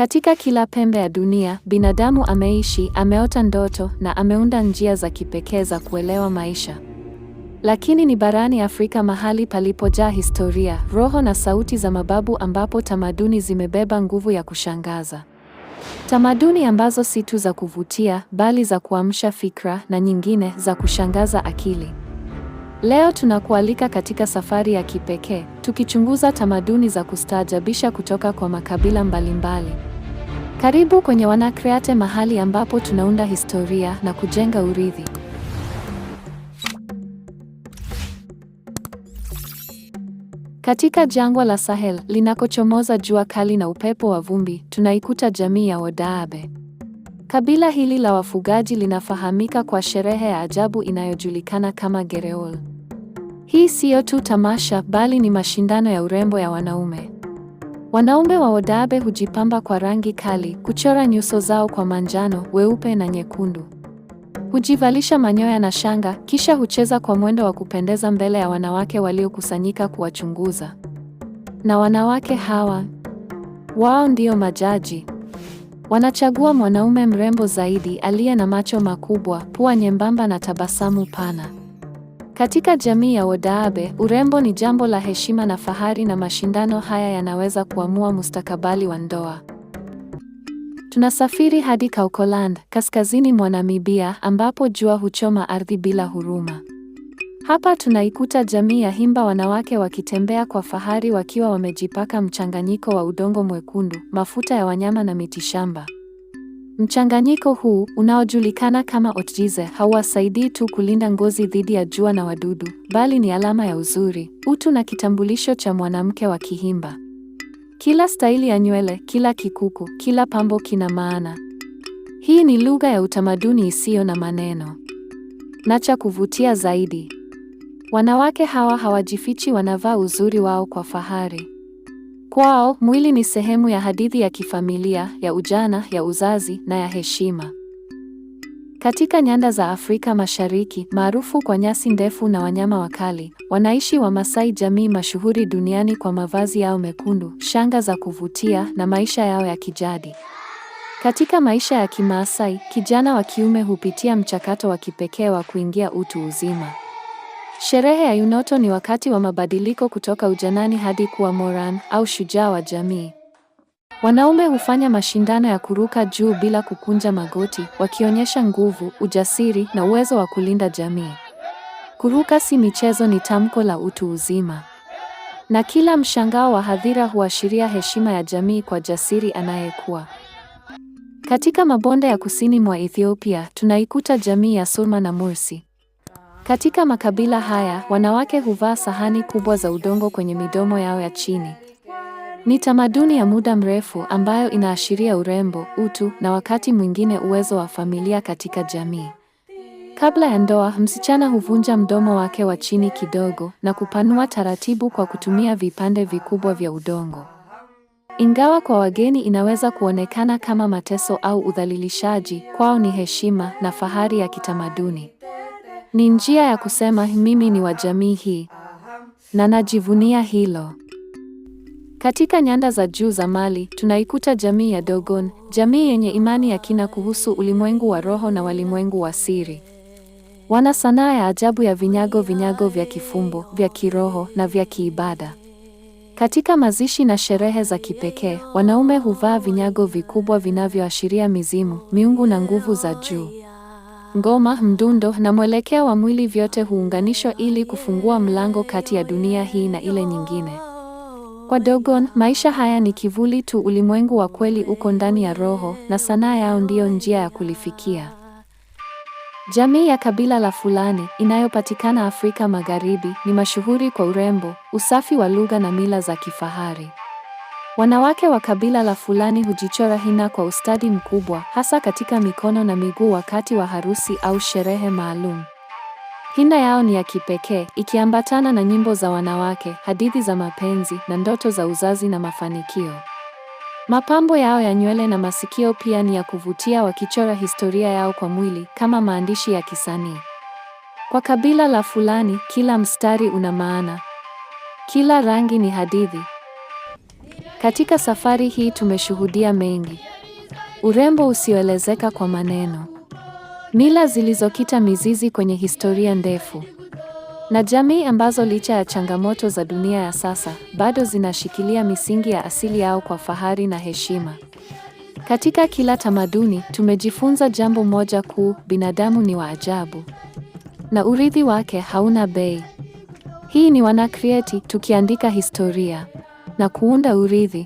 Katika kila pembe ya dunia, binadamu ameishi, ameota ndoto na ameunda njia za kipekee za kuelewa maisha. Lakini ni barani Afrika mahali palipojaa historia, roho na sauti za mababu ambapo tamaduni zimebeba nguvu ya kushangaza. Tamaduni ambazo si tu za kuvutia, bali za kuamsha fikra na nyingine za kushangaza akili. Leo tunakualika katika safari ya kipekee, tukichunguza tamaduni za kustaajabisha kutoka kwa makabila mbalimbali. Karibu kwenye wanakreate mahali ambapo tunaunda historia na kujenga urithi. Katika jangwa la Sahel linakochomoza jua kali na upepo wa vumbi, tunaikuta jamii ya Wodaabe. Kabila hili la wafugaji linafahamika kwa sherehe ya ajabu inayojulikana kama Gereol. Hii siyo tu tamasha bali ni mashindano ya urembo ya wanaume. Wanaume wa Wodabe hujipamba kwa rangi kali, kuchora nyuso zao kwa manjano, weupe na nyekundu. Hujivalisha manyoya na shanga, kisha hucheza kwa mwendo wa kupendeza mbele ya wanawake waliokusanyika kuwachunguza. Na wanawake hawa, wao ndio majaji. Wanachagua mwanaume mrembo zaidi aliye na macho makubwa, pua nyembamba na tabasamu pana. Katika jamii ya Wodaabe, urembo ni jambo la heshima na fahari na mashindano haya yanaweza kuamua mustakabali wa ndoa. Tunasafiri hadi Kaukoland, kaskazini mwa Namibia, ambapo jua huchoma ardhi bila huruma. Hapa tunaikuta jamii ya Himba, wanawake wakitembea kwa fahari wakiwa wamejipaka mchanganyiko wa udongo mwekundu, mafuta ya wanyama na mitishamba. Mchanganyiko huu unaojulikana kama Otrize hauwasaidii tu kulinda ngozi dhidi ya jua na wadudu, bali ni alama ya uzuri, utu na kitambulisho cha mwanamke wa Kihimba. Kila staili ya nywele, kila kikuku, kila pambo kina maana. Hii ni lugha ya utamaduni isiyo na maneno. Na cha kuvutia zaidi, wanawake hawa hawajifichi, wanavaa uzuri wao kwa fahari. Kwao mwili ni sehemu ya hadithi ya kifamilia, ya ujana, ya uzazi na ya heshima. Katika nyanda za Afrika Mashariki, maarufu kwa nyasi ndefu na wanyama wakali, wanaishi Wamasai, jamii mashuhuri duniani kwa mavazi yao mekundu, shanga za kuvutia na maisha yao ya kijadi. Katika maisha ya Kimaasai, kijana wa kiume hupitia mchakato wa kipekee wa kuingia utu uzima. Sherehe ya Eunoto ni wakati wa mabadiliko kutoka ujanani hadi kuwa moran au shujaa wa jamii. Wanaume hufanya mashindano ya kuruka juu bila kukunja magoti, wakionyesha nguvu, ujasiri na uwezo wa kulinda jamii. Kuruka si michezo, ni tamko la utu uzima, na kila mshangao wa hadhira huashiria heshima ya jamii kwa jasiri anayekuwa. Katika mabonde ya kusini mwa Ethiopia tunaikuta jamii ya Surma na Mursi. Katika makabila haya, wanawake huvaa sahani kubwa za udongo kwenye midomo yao ya chini. Ni tamaduni ya muda mrefu ambayo inaashiria urembo, utu na wakati mwingine uwezo wa familia katika jamii. Kabla ya ndoa, msichana huvunja mdomo wake wa chini kidogo na kupanua taratibu kwa kutumia vipande vikubwa vya udongo. Ingawa kwa wageni inaweza kuonekana kama mateso au udhalilishaji, kwao ni heshima na fahari ya kitamaduni. Ni njia ya kusema mimi ni wa jamii hii na najivunia hilo. Katika nyanda za juu za Mali tunaikuta jamii ya Dogon, jamii yenye imani ya kina kuhusu ulimwengu wa roho na walimwengu wa siri. Wana sanaa ya ajabu ya vinyago, vinyago vya kifumbo, vya kiroho na vya kiibada. Katika mazishi na sherehe za kipekee, wanaume huvaa vinyago vikubwa vinavyoashiria mizimu, miungu na nguvu za juu ngoma, mdundo na mwelekeo wa mwili vyote huunganishwa ili kufungua mlango kati ya dunia hii na ile nyingine. Kwa Dogon, maisha haya ni kivuli tu. Ulimwengu wa kweli uko ndani ya roho, na sanaa yao ndiyo njia ya kulifikia. Jamii ya kabila la Fulani inayopatikana Afrika Magharibi ni mashuhuri kwa urembo, usafi wa lugha na mila za kifahari. Wanawake wa kabila la Fulani hujichora hina kwa ustadi mkubwa, hasa katika mikono na miguu wakati wa harusi au sherehe maalum. Hina yao ni ya kipekee, ikiambatana na nyimbo za wanawake, hadithi za mapenzi na ndoto za uzazi na mafanikio. Mapambo yao ya nywele na masikio pia ni ya kuvutia, wakichora historia yao kwa mwili kama maandishi ya kisanii. Kwa kabila la Fulani, kila mstari una maana. Kila rangi ni hadithi katika safari hii tumeshuhudia mengi: urembo usioelezeka kwa maneno, mila zilizokita mizizi kwenye historia ndefu, na jamii ambazo licha ya changamoto za dunia ya sasa bado zinashikilia misingi ya asili yao kwa fahari na heshima. Katika kila tamaduni tumejifunza jambo moja kuu: binadamu ni wa ajabu na urithi wake hauna bei. Hii ni Wanacreate tukiandika historia na kuunda urithi.